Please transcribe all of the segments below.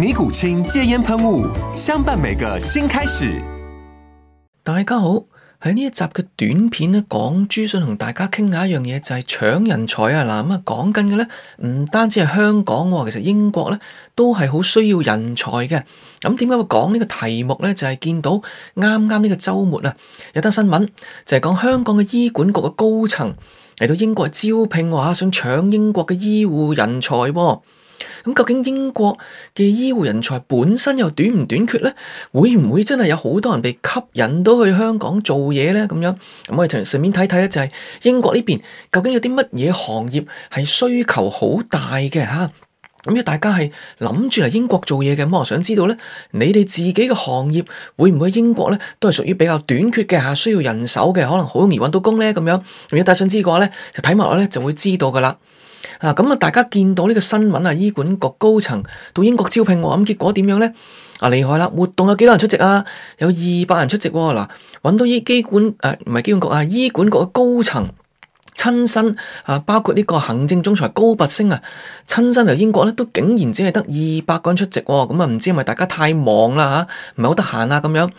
尼古清戒煙噴霧，相伴每個新開始。大家好，喺呢一集嘅短片呢，港豬想同大家傾下一樣嘢，就係、是、搶人才啊！嗱，咁啊講緊嘅呢，唔單止係香港、哦，其實英國呢都係好需要人才嘅。咁點解會講呢個題目呢？就係、是、見到啱啱呢個周末啊，有單新聞就係、是、講香港嘅醫管局嘅高層嚟到英國招聘、哦，話想搶英國嘅醫護人才、哦。咁究竟英國嘅醫護人才本身又短唔短缺咧？會唔會真係有好多人被吸引到去香港做嘢咧？咁樣咁我哋順便睇睇咧，就係英國呢邊究竟有啲乜嘢行業係需求好大嘅嚇？咁、啊、要大家係諗住嚟英國做嘢嘅，咁、啊、我想知道咧，你哋自己嘅行業會唔會英國咧都係屬於比較短缺嘅嚇、啊，需要人手嘅，可能好容易揾到工咧咁樣、啊。如果大家想知嘅話咧，就睇埋落咧就會知道噶啦。嗱，咁啊，大家見到呢個新聞啊，醫管局高層到英國招聘喎，咁、啊、結果點樣咧？啊，厲害啦！活動有幾多人出席啊？有二百人出席喎、啊，嗱、啊，揾到醫機管誒，唔、啊、係機管局啊，醫管局嘅高層。親身啊，包括呢個行政總裁高拔升啊，親身嚟英國咧，都竟然只係得二百個人出席，哦，咁、嗯、啊，唔知係咪大家太忙啦吓，唔係好得閒啊咁樣，咁、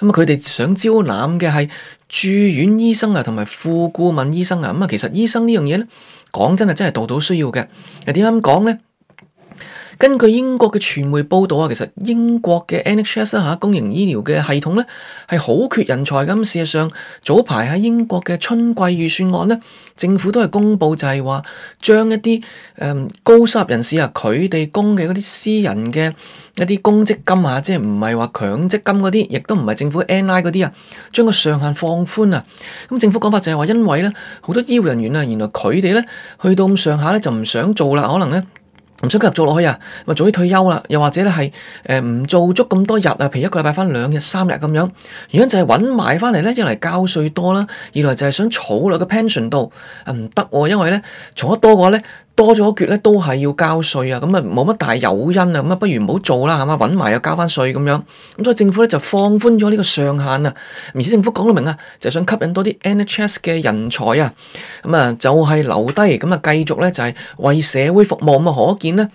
嗯、啊，佢哋想招攬嘅係住院醫生啊，同埋副顧問醫生啊，咁、嗯、啊，其實醫生呢樣嘢咧，講真啊，真係度度需要嘅，又點樣講咧？根據英國嘅傳媒報道啊，其實英國嘅 NHS 啦、啊、公營醫療嘅系統咧係好缺人才咁。事實上，早排喺英國嘅春季預算案咧，政府都係公佈就係話將一啲誒、嗯、高收入人士啊，佢哋供嘅嗰啲私人嘅一啲公積金啊，即係唔係話強積金嗰啲，亦都唔係政府 NI 嗰啲啊，將個上限放寬啊。咁政府講法就係話，因為咧好多醫護人員啊，原來佢哋咧去到咁上下咧就唔想做啦，可能咧。唔想繼續做落去啊，咪早啲退休啦。又或者咧係誒唔做足咁多日啊，譬如一個禮拜返兩日三日咁樣。原因就係揾埋返嚟咧，一嚟交稅多啦，二來就係想儲落個 pension 度，唔得喎，因為咧儲得多嘅話咧。多咗一撅咧，都係要交稅啊！咁啊，冇乜大誘因啊！咁啊，不如唔好做啦，係嘛，揾埋又交翻稅咁樣。咁所以政府咧就放寬咗呢個上限啊。而且政府講到明啊，就係、想吸引多啲 NHS 嘅人才啊。咁啊，就係留低，咁啊，繼續咧就係為社會服務。咁啊，可見咧。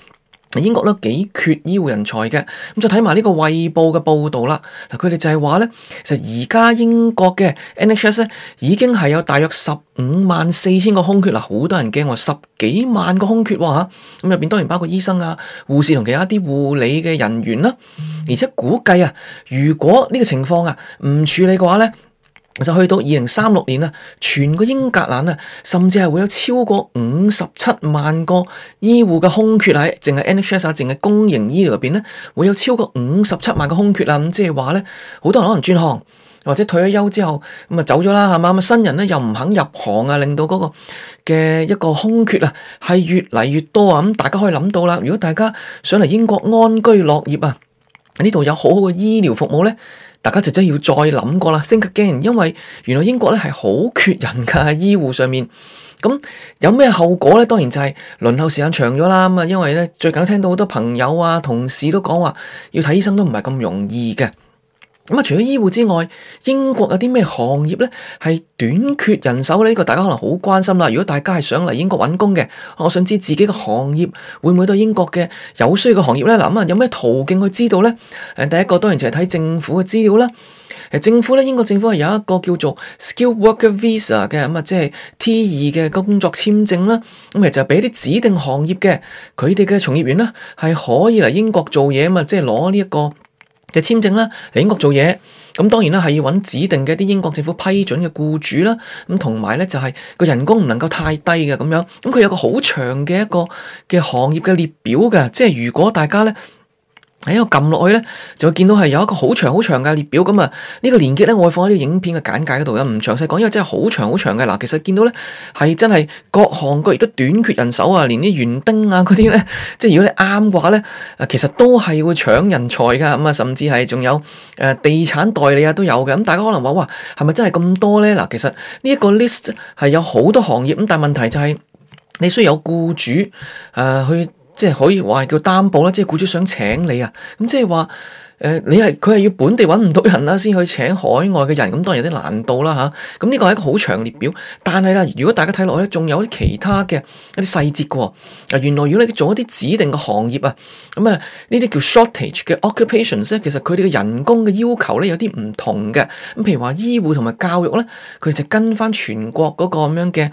英國都幾缺醫護人才嘅，咁再睇埋、這個、呢個衛報嘅報道啦。嗱，佢哋就係話咧，其實而家英國嘅 NHS 咧已經係有大約十五萬四千個空缺啦，好、啊、多人驚喎，十幾萬個空缺吓、啊，咁入邊當然包括醫生啊、護士同其他啲護理嘅人員啦、啊，而且估計啊，如果呢個情況啊唔處理嘅話咧。就去到二零三六年啊，全個英格蘭啊，甚至係會有超過五十七萬個醫護嘅空缺啊，淨係 NHS，淨係公營醫療入邊咧，會有超過五十七萬嘅空缺啦。咁即係話咧，好多人可能轉行，或者退咗休之後咁啊走咗啦啊，係嘛，咁啊新人咧又唔肯入行啊，令到嗰個嘅一個空缺啊係越嚟越多啊。咁大家可以諗到啦，如果大家想嚟英國安居樂業啊，呢度有好好嘅醫療服務咧。大家就真係要再諗過啦，Think again，因為原來英國咧係好缺人噶喺醫護上面，咁有咩後果咧？當然就係輪候時間長咗啦。咁啊，因為咧最近都聽到好多朋友啊、同事都講話要睇醫生都唔係咁容易嘅。咁除咗醫護之外，英國有啲咩行業呢？係短缺人手呢？呢、呢個大家可能好關心啦。如果大家係想嚟英國揾工嘅，我想知自己嘅行業會唔會對英國嘅有需要嘅行業呢？嗱咁啊，有咩途徑去知道呢？第一個當然就係睇政府嘅資料啦。政府呢，英國政府係有一個叫做 Skill Worker Visa 嘅咁啊，即係 T 二嘅工作簽證啦。咁誒就係俾啲指定行業嘅佢哋嘅從業員呢係可以嚟英國做嘢啊嘛，即係攞呢一個。嘅簽證啦，嚟英國做嘢，咁當然啦，係要揾指定嘅啲英國政府批准嘅雇主啦，咁同埋咧就係個人工唔能夠太低嘅咁樣，咁佢有個好長嘅一個嘅行業嘅列表嘅，即係如果大家咧。喺度撳落去咧，就會見到係有一個好長好長嘅列表咁啊！呢個連結咧，我會放喺啲影片嘅簡介嗰度嘅，唔詳細講，因為真係好長好長嘅。嗱，其實見到咧係真係各行各業都短缺人手啊，連啲園丁啊嗰啲咧，即係如果你啱嘅話咧，其實都係會搶人才㗎，咁啊，甚至係仲有誒地產代理啊都有嘅。咁大家可能話哇，係咪真係咁多咧？嗱，其實呢一個 list 係有好多行業咁，但係問題就係你需要有僱主誒、呃、去。即係可以話係叫擔保啦，即係雇主想請你啊，咁即係話誒，你係佢係要本地揾唔到人啦，先去請海外嘅人，咁當然有啲難度啦嚇。咁呢個係一個好長嘅列表，但係啦，如果大家睇落去咧，仲有啲其他嘅一啲細節嘅。原來如果你做一啲指定嘅行業啊，咁啊呢啲叫 shortage 嘅 occupations 咧，其實佢哋嘅人工嘅要求咧有啲唔同嘅。咁、啊、譬如話醫護同埋教育咧，佢哋就跟翻全國嗰個咁樣嘅。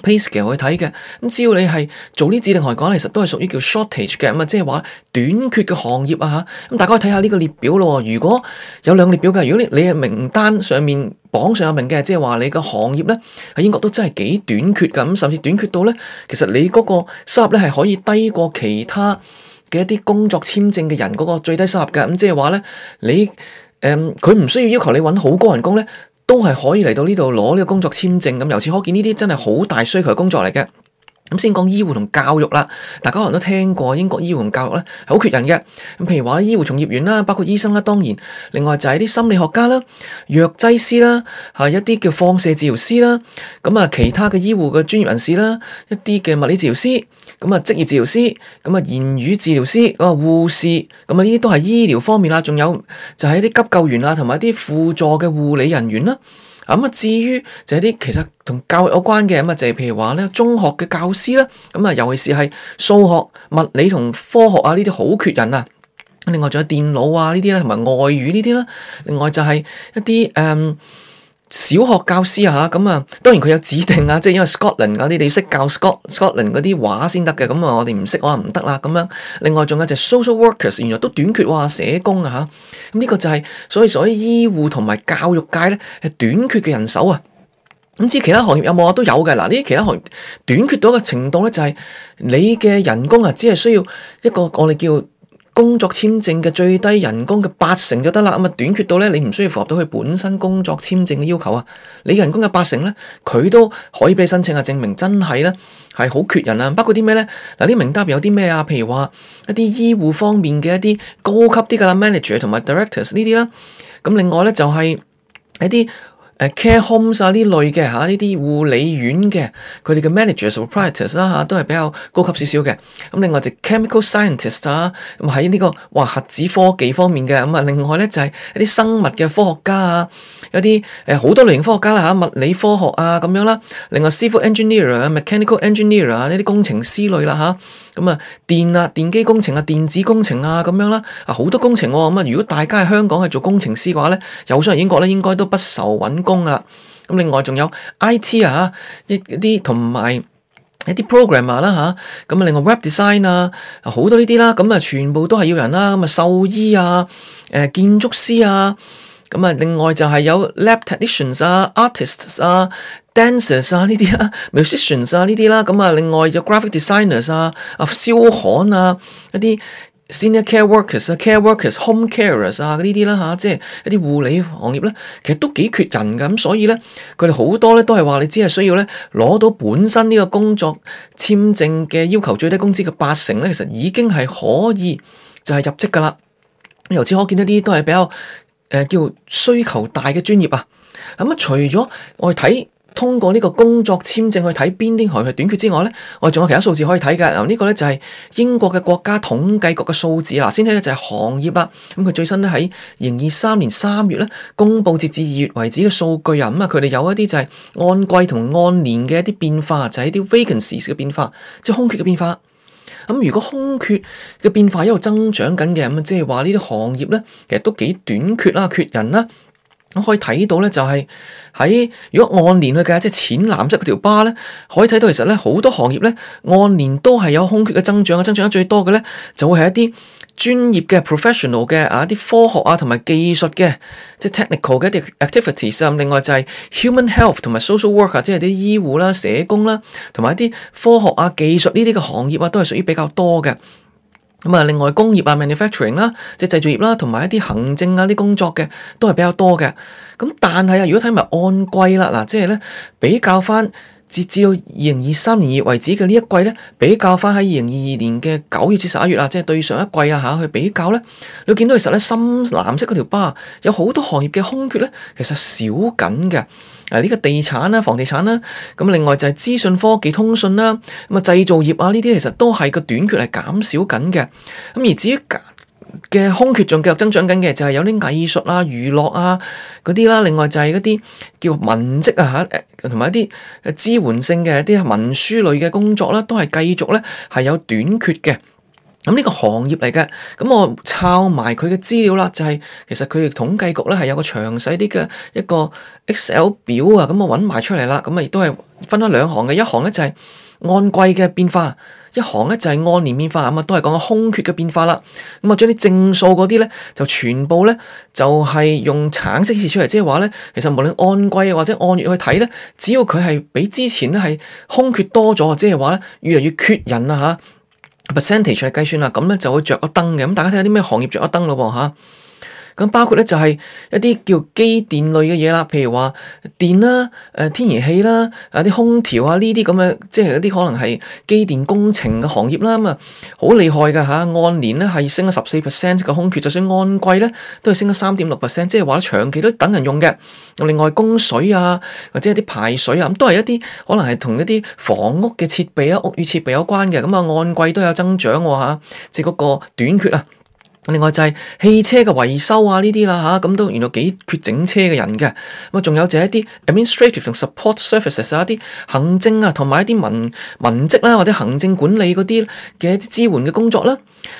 pace 嘅去睇嘅，咁只要你係做呢指定行業嘅話，其實都係屬於叫 shortage 嘅，咁啊即係話短缺嘅行業啊吓，咁大家可以睇下呢個列表咯。如果有兩個列表嘅，如果你你嘅名單上面榜上有名嘅，即係話你嘅行業咧喺英國都真係幾短缺㗎，咁甚至短缺到咧，其實你嗰個收入咧係可以低過其他嘅一啲工作簽證嘅人嗰個最低收入嘅，咁即係話咧你誒，佢唔需要要求你搵好高人工咧。都係可以嚟到呢度攞呢個工作簽證，咁由此可見呢啲真係好大需求嘅工作嚟嘅。咁先講醫護同教育啦，大家可能都聽過英國醫護同教育咧係好缺人嘅。咁譬如話咧，醫護從業員啦，包括醫生啦，當然，另外就係啲心理學家啦、藥劑師啦，係一啲叫放射治療師啦，咁啊其他嘅醫護嘅專業人士啦，一啲嘅物理治療師，咁啊，職業治療師，咁啊，言語治療師啊，護士，咁啊，呢啲都係醫療方面啦。仲有就係一啲急救員啊，同埋一啲輔助嘅護理人員啦。咁啊，至於就係啲其實同教育有關嘅，咁啊，就係譬如話咧，中學嘅教師啦，咁啊，尤其是係數學、物理同科學啊呢啲好缺人啊。另外仲有電腦啊呢啲啦，同埋外語呢啲啦。另外就係一啲誒。嗯小學教師啊吓，咁啊，當然佢有指定啊，即係因為 Scotland 嗰啲你要識教 Scotland 嗰啲話先得嘅，咁啊我哋唔識我話唔得啦咁樣。另外仲有就 social workers，原來都短缺哇，社工啊吓，咁呢個就係所以所以醫護同埋教育界咧係短缺嘅人手啊。咁知其他行業有冇啊？都有嘅。嗱，呢啲其他行業短缺到一個程度咧，就係你嘅人工啊，只係需要一個我哋叫。工作簽證嘅最低人工嘅八成就得啦，咁啊短缺到咧，你唔需要符合到佢本身工作簽證嘅要求啊，你人工嘅八成咧，佢都可以俾你申請啊，證明真係咧係好缺人啊，包括啲咩咧？嗱，啲名單入邊有啲咩啊？譬如話一啲醫護方面嘅一啲高級啲嘅啦，manager 同埋 directors 呢啲啦，咁另外咧就係一啲。care homes 啊呢類嘅嚇，呢啲護理院嘅佢哋嘅 managers proprietors 啦嚇，都係比較高級少少嘅。咁另外就 chemical scientist 啊，咁喺呢個哇核子科技方面嘅。咁啊另外咧就係、是、一啲生物嘅科學家啊，有啲誒好多類型科學家啦嚇、啊、物理科學啊咁樣啦，另外 civil engineer 啊 mechanical engineer 啊呢啲工程師類啦嚇。啊咁啊，電啊、電機工程啊、電子工程啊，咁樣啦、啊，啊好多工程喎。咁啊，如果大家喺香港係做工程師嘅話咧，有啲人嚟英國覺得應該都不愁揾工㗎啦。咁另外仲有 I T 啊，一啲同埋一啲 programmer 啦、啊、嚇，咁啊另外 web design 啊，好多呢啲啦。咁啊全部都係要人啦。咁啊獸醫啊，誒、啊啊呃、建築師啊，咁啊另外就係有 lab technicians 啊、artists 啊。dancers 啊呢啲啦 musicians 啊呢啲啦咁啊另外有 graphic designers 啊啊燒焊啊一啲 senior care workers 啊 care workers home carers 啊呢啲啦吓，即係一啲護理行業咧其實都幾缺人嘅咁所以咧佢哋好多咧都係話你只係需要咧攞到本身呢個工作簽證嘅要求最低工資嘅八成咧其實已經係可以就係入職噶啦由此可見一啲都係比較誒叫需求大嘅專業啊咁啊除咗我哋睇。通過呢個工作簽證去睇邊啲行業係短缺之外咧，我哋仲有其他數字可以睇嘅。嗱，呢個咧就係、是、英國嘅國家統計局嘅數字。嗱，先睇咧就係行業啦。咁、嗯、佢最新咧喺二零二三年三月咧，公布截至二月為止嘅數據啊。咁、嗯、啊，佢哋有一啲就係按季同按年嘅一啲變化，就係、是、一啲 vacancies 嘅變化，即、就、係、是、空缺嘅變化。咁、嗯、如果空缺嘅變化一路增長緊嘅，咁即係話呢啲行業咧，其實都幾短缺啦，缺人啦。我可以睇到咧，就係、是、喺如果按年去計，即係淺藍色嗰條巴咧，可以睇到其實咧好多行業咧，按年都係有空缺嘅增長啊！增長得最多嘅咧，就會係一啲專業嘅 professional 嘅啊，一啲科學啊同埋技術嘅即係 technical 嘅一啲 activities 啊。另外就係 human health 同埋 social worker、啊、即係啲醫護啦、啊、社工啦、啊，同埋一啲科學啊、技術呢啲嘅行業啊，都係屬於比較多嘅。咁啊，另外工業啊、manufacturing 啦、即係製造業啦，同埋一啲行政啊啲工作嘅，都係比較多嘅。咁但係啊，如果睇埋按季啦，嗱，即係咧比較翻，截至到二零二三年二月為止嘅呢一季咧，比較翻喺二零二二年嘅九月至十一月啊，即係對上一季啊嚇去比較咧，你會見到其實咧深藍色嗰條巴有好多行業嘅空缺咧，其實少緊嘅。啊！呢個地產啦、房地產啦，咁另外就係資訊科技、通訊啦，咁啊製造業啊呢啲，其實都係個短缺係減少緊嘅。咁而至於嘅空缺仲繼續增長緊嘅，就係有啲藝術啊、娛樂啊嗰啲啦，另外就係嗰啲叫文職啊嚇，誒同埋一啲誒支援性嘅一啲文書類嘅工作啦，都係繼續咧係有短缺嘅。咁呢個行業嚟嘅，咁我抄埋佢嘅資料啦，就係、是、其實佢統計局咧係有個詳細啲嘅一個 Excel 表啊，咁我揾埋出嚟啦，咁亦都係分咗兩行嘅，一行咧就係按季嘅變化，一行咧就係按年變化，咁啊都係講空缺嘅變化啦。咁啊將啲正數嗰啲咧就全部咧就係用橙色顯示出嚟，即係話咧其實無論按季或者按月去睇咧，只要佢係比之前咧係空缺多咗，即係話咧越嚟越缺人啊嚇。percentage 嚟計算啦，咁咧就會着個燈嘅。咁大家睇下啲咩行業着個燈咯喎嚇。咁包括咧就係一啲叫機電類嘅嘢啦，譬如話電啦、誒、呃、天然氣啦、啊、呃、啲空調啊呢啲咁嘅，即係一啲可能係機電工程嘅行業啦。咁、嗯、啊，好厲害㗎嚇，按年咧係升咗十四 percent 嘅空缺，就算按季咧都係升咗三點六 percent，即係話長期都等人用嘅。另外供水啊，或者係啲排水啊，咁都係一啲可能係同一啲房屋嘅設備啊、屋宇設備有關嘅。咁、嗯、啊，按季都有增長喎、啊、嚇、啊，即係嗰個短缺啊。另外就係汽車嘅維修啊呢啲啦嚇，咁、啊、都原來幾缺整車嘅人嘅。咁啊，仲有就係一啲 administrative 同 support services 啊，一啲行政啊同埋一啲文文職啦、啊，或者行政管理嗰啲嘅一啲支援嘅工作啦、啊。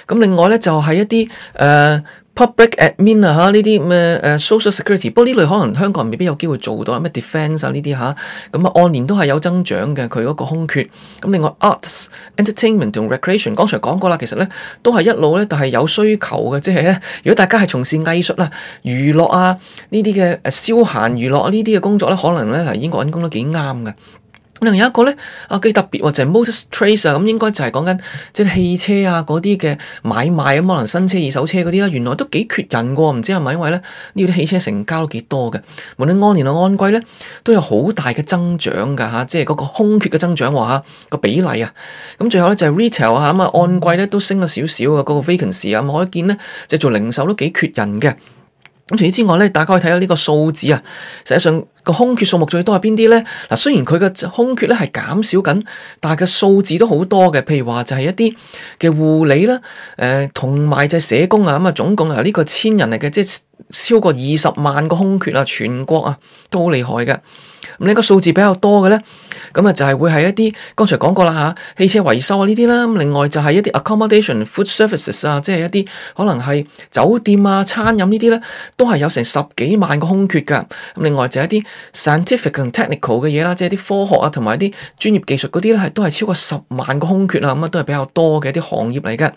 咁另外咧就係、是、一啲誒。呃 Public admin 啊，吓呢啲咩誒 social security，不過呢類可能香港未必有機會做到，咩 defence 啊呢啲吓，咁啊按年都係有增長嘅佢嗰個空缺。咁、啊、另外 arts、entertainment 同 recreation，剛才講過啦，其實咧都係一路咧，但係有需求嘅，即係咧如果大家係從事藝術啊、娛樂啊呢啲嘅誒消閒娛樂呢啲嘅工作咧，可能咧嚟英國揾工都幾啱嘅。另外有一個呢，啊，幾特別喎，就係、是、Motor Trace 啊，咁應該就係講緊即係汽車啊嗰啲嘅買賣啊，可能新車、二手車嗰啲啦，原來都幾缺人喎，唔知係咪因為咧呢啲汽車成交都幾多嘅。無論按年按季呢，都有好大嘅增長㗎嚇、啊，即係嗰個空缺嘅增長喎嚇、啊、個比例啊。咁最後呢，就係 Retail 嚇咁啊，按季呢，都升咗少少、那個、ancy，啊，嗰個 Vacancy 啊，我見咧即係做零售都幾缺人嘅。咁除此之外咧，大家可以睇下呢個數字啊。實際上個空缺數目最多係邊啲咧？嗱，雖然佢嘅空缺咧係減少緊，但係嘅數字都好多嘅。譬如話就係一啲嘅護理啦，誒同埋就社工啊。咁啊，總共啊呢個千人嚟嘅，即係超過二十萬個空缺啊，全國啊都好厲害嘅。咁呢個數字比較多嘅呢，咁啊就係會係一啲，剛才講過啦嚇、啊，汽車維修呢啲啦，咁另外就係一啲 accommodation、food services 啊，即係一啲可能係酒店啊、餐飲呢啲呢，都係有成十幾萬個空缺㗎。咁另外就係一啲 scientific and technical 嘅嘢啦，即係啲科學啊同埋啲專業技術嗰啲呢，係都係超過十萬個空缺啊，咁啊都係比較多嘅一啲行業嚟嘅。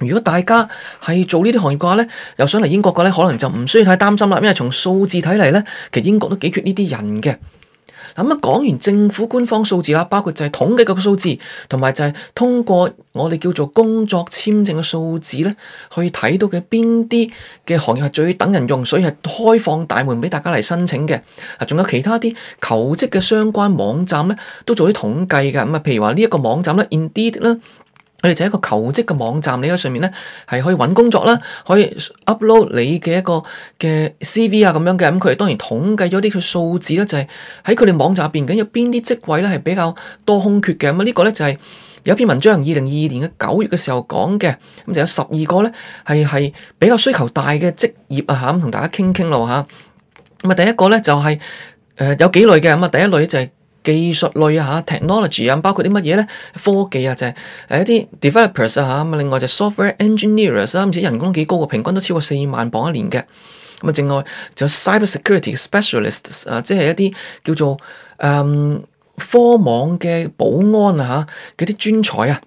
如果大家係做呢啲行業嘅話呢，又想嚟英國嘅呢，可能就唔需要太擔心啦，因為從數字睇嚟呢，其實英國都幾缺呢啲人嘅。咁啊，講完政府官方數字啦，包括就係統計個數字，同埋就係通過我哋叫做工作簽證嘅數字咧，去睇到嘅邊啲嘅行業係最等人用，所以係開放大門畀大家嚟申請嘅。仲有其他啲求職嘅相關網站咧，都做啲統計嘅。咁啊，譬如話呢一個網站咧，Indeed 啦。佢哋就係一個求職嘅網站，你喺上面咧係可以揾工作啦，可以 upload 你嘅一個嘅 CV 啊咁樣嘅，咁佢哋當然統計咗啲佢數字啦，就係喺佢哋網站入邊，咁有邊啲職位咧係比較多空缺嘅，咁、這、呢個咧就係有篇文章二零二二年嘅九月嘅時候講嘅，咁、嗯、就有十二個咧係係比較需求大嘅職業啊吓，咁、嗯、同大家傾傾咯吓。咁、嗯、啊第一個咧就係、是、誒、呃、有幾類嘅，咁、嗯、啊第一類就係、是。技術類啊嚇，technology 啊，techn ology，包括啲乜嘢咧？科技、就是、ers，啊就係誒一啲 developers 啊，咁啊另外就 software engineers 啊，唔知人工幾高嘅，平均都超過四萬磅一年嘅。咁啊正外另外就 cybersecurity specialists 啊，即係一啲叫做誒、嗯、科網嘅保安啊嚇，嗰啲專才啊，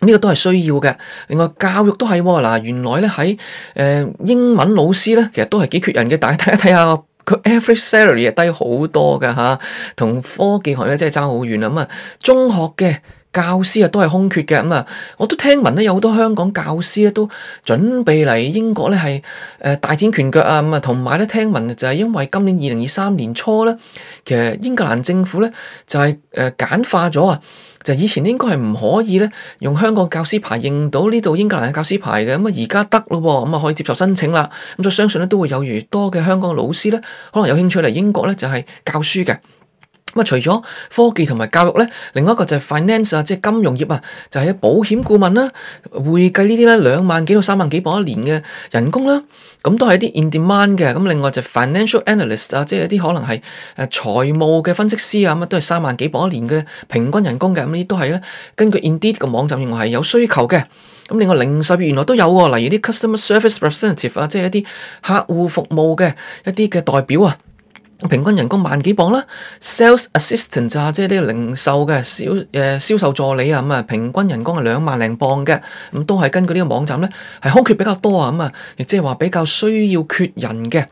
呢、這個都係需要嘅。另外教育都係喎，嗱、啊、原來咧喺誒英文老師咧，其實都係幾缺人嘅，大家睇一睇下。佢 average salary 又低好多㗎吓，同科技行業真係爭好遠啦咁，中學嘅。教師啊，都係空缺嘅咁啊！我都聽聞咧，有好多香港教師咧都準備嚟英國咧，係誒大展拳腳啊！咁啊，同埋咧，聽聞就係因為今年二零二三年初咧，其實英格蘭政府咧就係誒簡化咗啊！就以前應該係唔可以咧用香港教師牌認到呢度英格蘭嘅教師牌嘅，咁啊而家得咯，咁啊可以接受申請啦！咁再相信咧，都會有越多嘅香港老師咧，可能有興趣嚟英國咧，就係教書嘅。除咗科技同埋教育呢，另外一個就係 finance 啊，即係金融業啊，就係、是、保險顧問啦、會計呢啲咧，兩萬幾到三萬幾磅一年嘅人工啦，咁都係一啲 in demand 嘅。咁另外就 financial analyst 啊，即係一啲可能係誒財務嘅分析師啊，咁都係三萬幾磅一年嘅平均人工嘅，咁呢啲都係咧，根據 Indeed 個網站認為係有需求嘅。咁另外零售業原來都有喎，例如啲 customer service representative 啊，即係一啲客戶服務嘅一啲嘅代表啊。平均人工萬幾磅啦，Sales Assistant 啊，即係呢個零售嘅銷誒銷售助理啊咁啊，平均人工係兩萬零磅嘅，咁都係根據呢個網站咧係空缺比較多啊咁啊，亦即係話比較需要缺人嘅。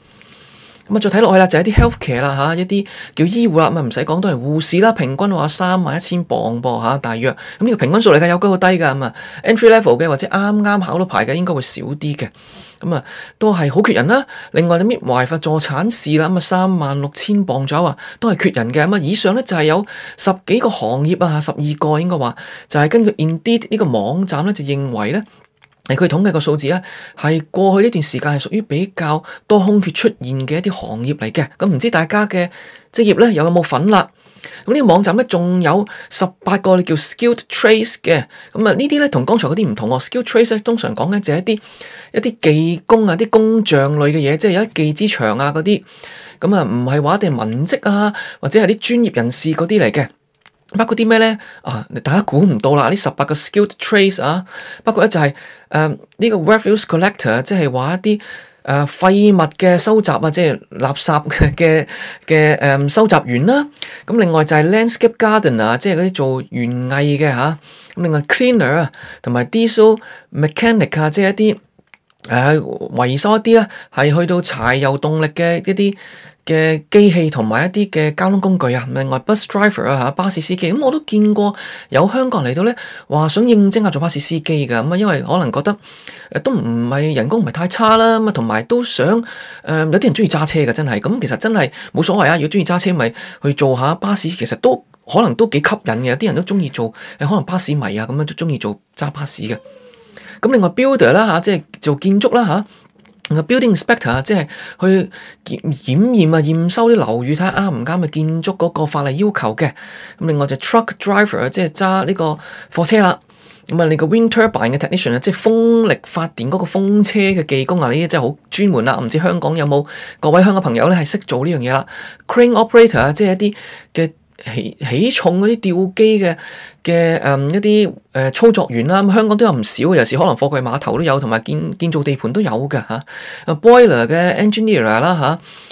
咁、就是、啊，再睇落去啦，就係啲 healthcare 啦嚇，一啲叫醫護啦，咪唔使講都係護士啦，平均話三萬一千磅噃嚇、啊，大約。咁呢個平均數嚟噶，有高有低噶嘛。啊、Entry level 嘅或者啱啱考到牌嘅應該會少啲嘅。咁啊，都係好缺人啦。另外你 midwife 助產士啦，咁啊三萬六千磅左右啊，都係缺人嘅。咁啊，以上咧就係、是、有十幾個行業啊，十二個應該話就係、是、根據 Indeed 呢個網站咧就認為咧。係佢統計個數字咧，係過去呢段時間係屬於比較多空缺出現嘅一啲行業嚟嘅。咁、嗯、唔知大家嘅職業咧，有冇份啦、啊？咁、嗯、呢、這個網站咧，仲有十八個你叫 skilled trades 嘅。咁、嗯、啊，呢啲咧同剛才嗰啲唔同。哦、skilled trades 咧通常講咧就係一啲一啲技工啊、啲工匠類嘅嘢，即係有一技之長啊嗰啲。咁啊，唔係話一定係文職啊，或者係啲專業人士嗰啲嚟嘅。包括啲咩咧？啊，大家估唔到啦！呢十八個 skilled trades 啊，包括咧就係誒呢個 refuse collector，即係話一啲誒、呃、廢物嘅收集啊，即、就、係、是、垃圾嘅嘅誒收集員啦。咁、啊、另外就係 landscape gardener、啊、即係、就、嗰、是、啲做園藝嘅嚇。咁、啊、另外 cleaner 啊，同埋 diesel mechanic 啊，即、就、係、是、一啲誒維修一啲啦，係去到柴油動力嘅一啲嘅機器同埋一啲嘅交通工具啊，另外 bus driver 啊，嚇巴士司機，咁我都見過有香港人嚟到咧，話想應徵啊做巴士司機嘅，咁啊因為可能覺得誒都唔係人工唔係太差啦，咁啊同埋都想誒、呃、有啲人中意揸車嘅真係，咁其實真係冇所謂啊，如果中意揸車咪去做下巴士，其實都可能都幾吸引嘅。有啲人都中意做誒可能巴士迷啊咁樣都中意做揸巴士嘅。咁另外 builder 啦、啊、嚇，即係做建築啦嚇。啊 Building Inspector 即係去檢驗啊、驗收啲樓宇睇啱唔啱嘅建築嗰個法例要求嘅。咁另外就 truck driver 即係揸呢個貨車啦。咁啊，你個 wind turbine 嘅 technician 即係風力發電嗰個風車嘅技工啊，呢啲真係好專門啦。唔知香港有冇各位香港朋友咧係識做呢樣嘢啦？Crane Operator 即係一啲嘅。起，起重嗰啲吊機嘅嘅誒一啲誒、呃、操作員啦，咁香港都有唔少，有時可能貨櫃碼頭都有，同埋建建造地盤都有嘅嚇。boiler 嘅 engineer 啦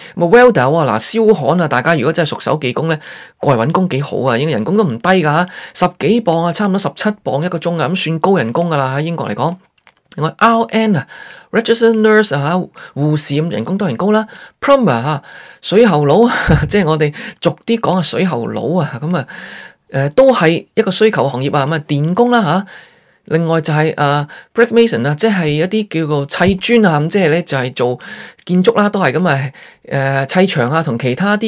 嚇，咁 welder 哇嗱燒焊啊，welder，啊，大家如果真係熟手技工咧，過嚟揾工幾好啊，應該人工都唔低㗎嚇，十幾磅啊，差唔多十七磅一個鐘啊，咁、嗯、算高人工㗎啦喺英國嚟講。我 RN 啊 registered nurse 啊，護士，咁人工當然高啦。Plumber 嚇水喉佬啊， 即係我哋逐啲講下水喉佬啊，咁啊，誒、呃、都係一個需求行業啊，咁啊電工啦吓。另外就係、是、啊、uh, brickmason 啊，即係一啲叫做砌磚啊，咁即係咧就係、是、做建築啦，都係咁啊，誒砌牆啊，同其他啲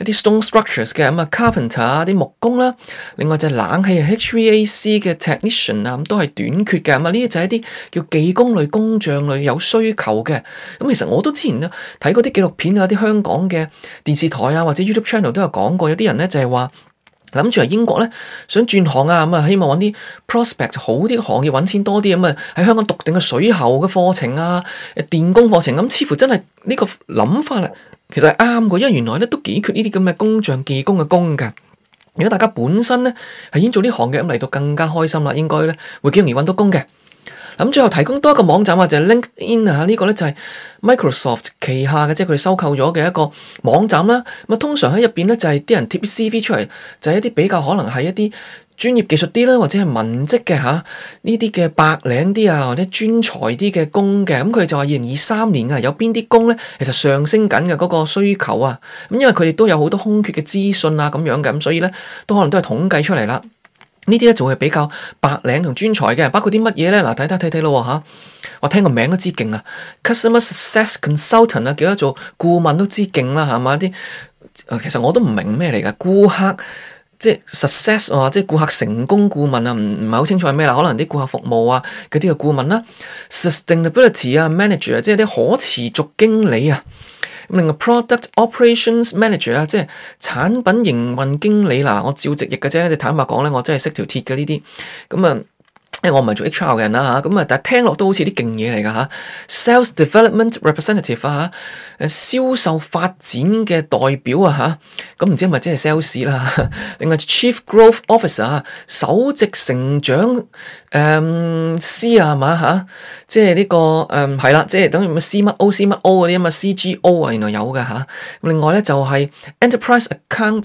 一啲 stone structures 嘅咁啊、嗯、carpenter 啊啲木工啦，另外就係冷氣 HVAC 嘅 technician 啊、嗯，咁都係短缺嘅，咁啊呢啲就係一啲叫技工類工匠類有需求嘅，咁、嗯、其實我都之前咧睇過啲紀錄片啊，啲香港嘅電視台啊或者 YouTube channel 都有講過，有啲人咧就係、是、話。諗住喺英國咧，想轉行啊，咁啊，希望揾啲 prospect 好啲嘅行業，揾錢多啲咁啊，喺香港讀定嘅水喉嘅課程啊，誒電工課程，咁似乎真係呢個諗法啦，其實係啱嘅，因為原來咧都幾缺呢啲咁嘅工匠技工嘅工㗎。如果大家本身咧係已經做呢行嘅，咁嚟到更加開心啦，應該咧會幾容易揾到工嘅。咁最後提供多一個網站、就係、In，啊，呢個、就係 LinkedIn 呢個呢就係 Microsoft 旗下嘅，即係佢收購咗嘅一個網站啦。咁、啊、通常喺入邊呢，就係、係、啲人貼啲 CV 出嚟，就係、係、一啲比較可能係一啲專業技術啲啦，或者係文職嘅嚇呢啲嘅白領啲啊，或者專才啲嘅工嘅。咁佢就話二零二三年啊，年有邊啲工呢？其實上升緊嘅嗰個需求啊。咁、啊、因為佢哋都有好多空缺嘅資訊啊咁樣嘅，咁所以呢，都可能都係統計出嚟啦。呢啲咧就係比較白領同專才嘅，包括啲乜嘢咧？嗱，睇睇睇睇咯嚇。我聽個名都知勁啊，Customer Success Consultant 啊，叫做顧問都知勁啦，係嘛？啲其實我都唔明咩嚟嘅顧客，即係 success 啊，即係顧客成功顧問啊，唔唔係好清楚係咩啦？可能啲顧客服務啊，嗰啲嘅顧問啦，Sustainability 啊，啊，Sustainability, 啊，Manager 即係啲可持續經理啊。咁另外 product operations manager 啊，即係產品營運經理啦，嗱，我照直譯嘅啫，你坦白講咧，我真係識條鐵嘅呢啲，咁啊。誒我唔係做 HR 嘅人啦嚇，咁啊但係聽落都好似啲勁嘢嚟㗎嚇，sales development representative 啊，誒銷售發展嘅代表啊嚇，咁唔知係咪即係 sales 啦？另外 chief growth officer 啊，首席成長誒、嗯、C 啊嘛嚇、啊，即係呢、這個誒係啦，即係等於乜 C 乜 O C 乜 O 嗰啲啊。嘛 C G O, C O, C O 原來有㗎嚇。另外咧就係 enterprise account。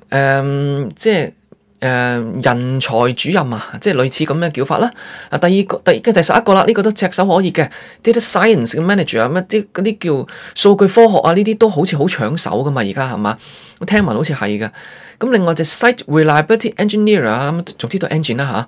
誒、嗯，即係誒、呃、人才主任啊，即係類似咁嘅叫法啦。啊，第二個、第二第十一個啦，呢、這個都隻手可以嘅。啲啲 data science manager 咩啲嗰啲叫數據科學啊，呢啲都好似好搶手噶嘛，而家係嘛？我聽聞好似係嘅。咁另外隻 site reliability engineer engine 啊，總之都 engine 啦吓。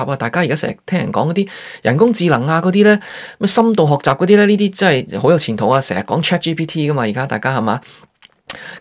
大家而家成日聽人講嗰啲人工智能啊，嗰啲咧，咩深度學習嗰啲咧，呢啲真係好有前途啊！成日講 ChatGPT 噶嘛，而家大家係嘛？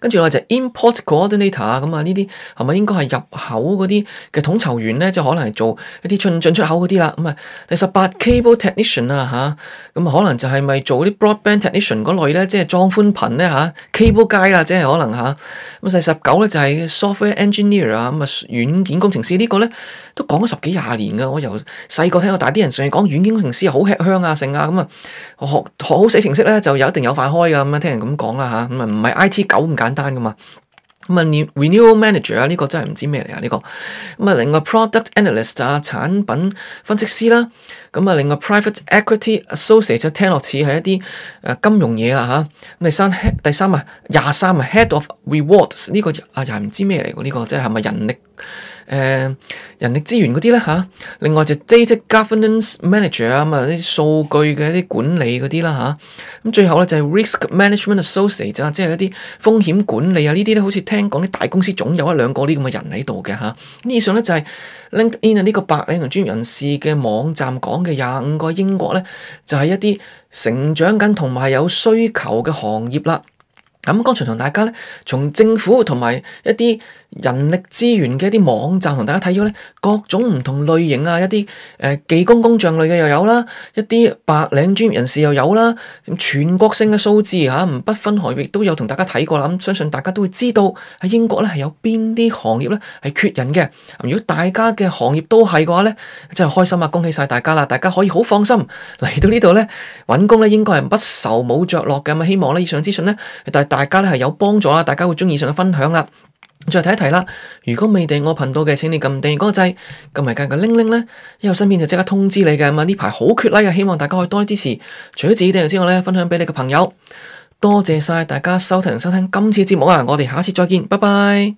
跟住我就 import coordinator 啊，咁啊呢啲係咪應該係入口嗰啲嘅統籌員呢？就可能係做一啲進進出口嗰啲啦。咁啊，第十八 cable technician 啊，嚇咁可能就係咪做啲 broadband technician 嗰類咧？即係裝寬頻呢？嚇，cable guy 啦，Guy，即係可能嚇咁啊。第十九呢，就係 software engineer 啊，咁啊軟件工程師呢、這個呢，都講咗十幾廿年噶。我由細個聽到大啲人上去講軟件工程師好吃香啊成啊咁啊，學學好寫程式呢，就有一定有飯開噶咁啊。聽人咁講啦嚇，咁啊唔係 I T 狗。好唔簡單㗎嘛？咁啊 renewal manager 啊，呢個真係唔知咩嚟啊呢個。咁啊，另外 product analyst 啊，產品分析師啦。咁啊，另外 private equity associate、啊、聽落似係一啲誒、呃、金融嘢啦吓。咁第三第三啊，廿三啊 head of rewards 呢個啊又係唔知咩嚟㗎呢個，即係係咪人力？誒，人力資源嗰啲啦，嚇，另外就 Data Governance Manager 啊，咁啊啲數據嘅一啲管理嗰啲啦嚇，咁最後咧就 Risk Management Associate 啊，即係一啲風險管理啊呢啲咧，好似聽講啲大公司總有一兩個呢咁嘅人喺度嘅嚇。以上咧就係 LinkedIn 啊。呢個百萬名專業人士嘅網站講嘅廿五個英國咧，就係一啲成長緊同埋有需求嘅行業啦。咁、嗯、剛才同大家咧，從政府同埋一啲人力資源嘅一啲網站同大家睇咗咧，各種唔同類型啊，一啲、呃、技工工匠類嘅又有啦，一啲白領專業人士又有啦，咁全國性嘅數字嚇，唔、啊、不分行業都有同大家睇過啦。咁、嗯、相信大家都會知道喺英國呢，係有邊啲行業咧係缺人嘅、嗯。如果大家嘅行業都係嘅話呢，真係開心啊！恭喜曬大家啦，大家可以好放心嚟到呢度呢，揾工咧，應該係不愁冇着落嘅咁、嗯。希望咧以上資訊呢。大家咧係有幫助啦，大家會鍾意以上嘅分享啦。再提一提啦，如果未訂閱我頻道嘅，請你撳訂嗰個掣，撳埋隔籬個鈴鈴咧，一有新片就即刻通知你嘅。咁呢排好缺 like 嘅，希望大家可以多啲支持。除咗自己訂閱之外咧，分享俾你嘅朋友。多謝晒大家收睇同收聽今次節目啊！我哋下次再見，拜拜。